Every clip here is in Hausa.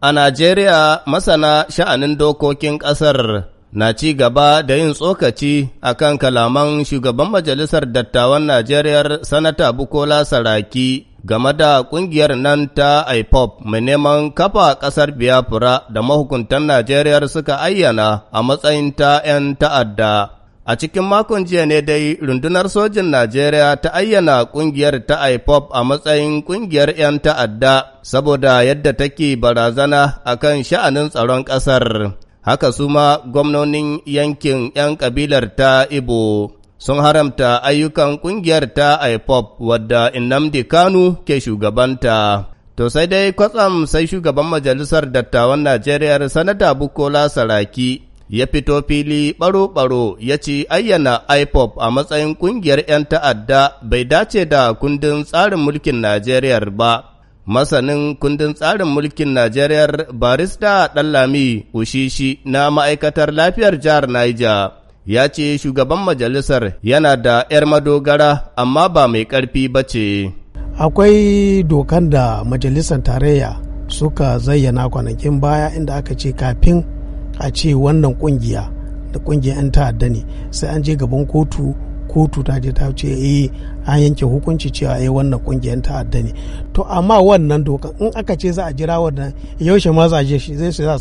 A Najeriya masana sha'anin dokokin ƙasar na ci gaba da yin tsokaci a kan kalaman shugaban Majalisar Dattawan Najeriya Sanata Bukola Saraki game da ƙungiyar nan ta IPOP mai neman kafa ƙasar Biafra da mahukuntan Najeriya suka ayyana a matsayin ta ‘yan ta'adda. A cikin makon jiya ne dai rundunar sojin Najeriya ta ayyana ƙungiyar ta IPOP a matsayin ƙungiyar 'yan ta'adda saboda yadda take barazana a kan sha'anin tsaron ƙasar. Haka su ma gwamnonin yankin 'yan ƙabilar ta Ibo sun haramta ayyukan ƙungiyar ta IPOP wadda Nnamdi Kanu ke shugabanta. To sai dai kwatsam sai shugaban majalisar dattawan Najeriya Sanata Bukola Saraki ya fito fili baro-baro ya ci ayyana IPOP a matsayin kungiyar 'yan ta'adda bai dace da kundin tsarin mulkin Najeriya ba. Masanin kundin tsarin mulkin Najeriya barista Ɗanlami Ushishi na ma'aikatar lafiyar jihar Niger ya ce shugaban majalisar yana da 'yar madogara amma ba mai ƙarfi ba ce. Akwai dokan da majalisar tarayya suka zayyana kwanakin baya inda aka ce kafin a ce wannan kungiya da kungiyar 'yan ta'adda ne sai an je gaban kotu kotu ta je ta ce eh an yanke hukunci cewa yi eh, wannan kungiyar ta'adda ne to amma wannan doka in aka ce za a jira wannan yaushe ma za a je shi zai sa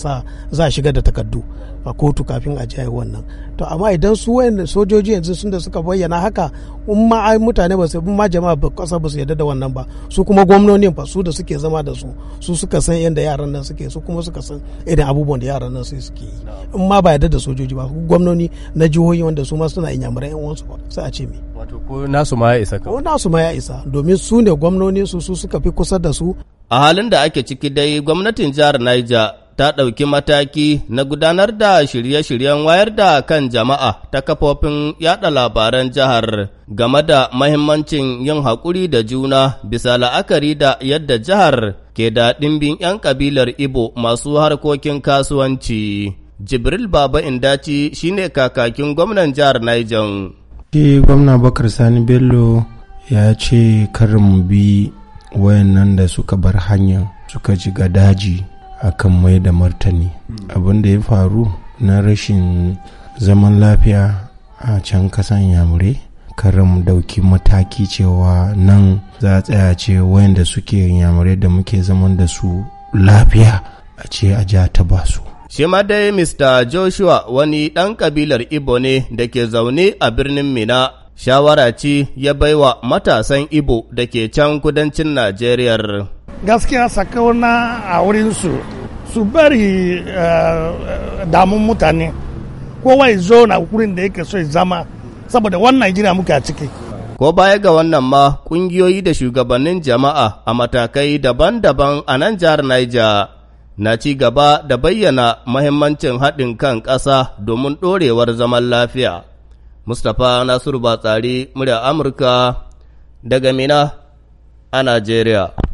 za a shiga da takardu a kotu kafin a jaye wannan to amma idan su wayan sojoji yanzu sun da suka bayyana haka in ma ai mutane ba su ma jama'a ba kasa ba su yadda da wannan ba su kuma gwamnonin fa su da suke zama da su su suka san yadda yaran nan suke su kuma suka san irin abubuwan da yaran nan sai suke yi in ma ba yadda da sojoji ba gwamnoni na jihohi wanda su ma suna inyamurai yan uwansu ba sai a ce me wato ko nasu ma isa ko nasu ma ya isa domin su ne gwamnoni su su suka fi kusa da su a halin da ake ciki dai gwamnatin jihar Niger ta ɗauki mataki na gudanar da shirye-shiryen wayar da kan jama'a ta kafofin yaɗa labaran jihar game da mahimmancin yin haƙuri da juna bisa la'akari da yadda jihar ke da ɗimbin 'yan ƙabilar Ibo masu harkokin kasuwanci. Jibril Baba Indaci shine kakakin gwamnan jihar Niger. shi gwamna bakar sani bello ya ce karin mu bi wayannan da suka bar hanya suka jiga daji akan mai da martani hmm. abin da ya faru na rashin zaman lafiya a can kasan yamurai karin dauki mataki cewa nan za a tsaya ce wayanda suke yamurai da muke zaman da su lafiya a ce a ja ta basu Shi ma dai Mr. Joshua wani ɗan kabilar Ibo ne da ke zaune a birnin Mina. Shawara ce ya baiwa matasan Ibo da ke can kudancin Najeriya. Gaskiya sakauna a wurinsu su bari eh, damun mutane kowa ya zo na wurin da yake so ya zama saboda wannan Najeriya muke ciki. ko baya ga wannan ma kungiyoyi da shugabannin jama'a a matakai daban-daban a nan jihar Niger na ci gaba da bayyana mahimmancin haɗin kan ƙasa domin ɗorewar zaman lafiya. Mustapha Nasiru Batsari, murya Amurka, daga Mina a Najeriya.